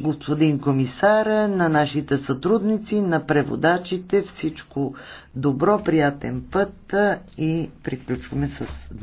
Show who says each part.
Speaker 1: господин комисара, на нашите сътрудници, на преводачите. Всичко добро, приятен път и приключваме с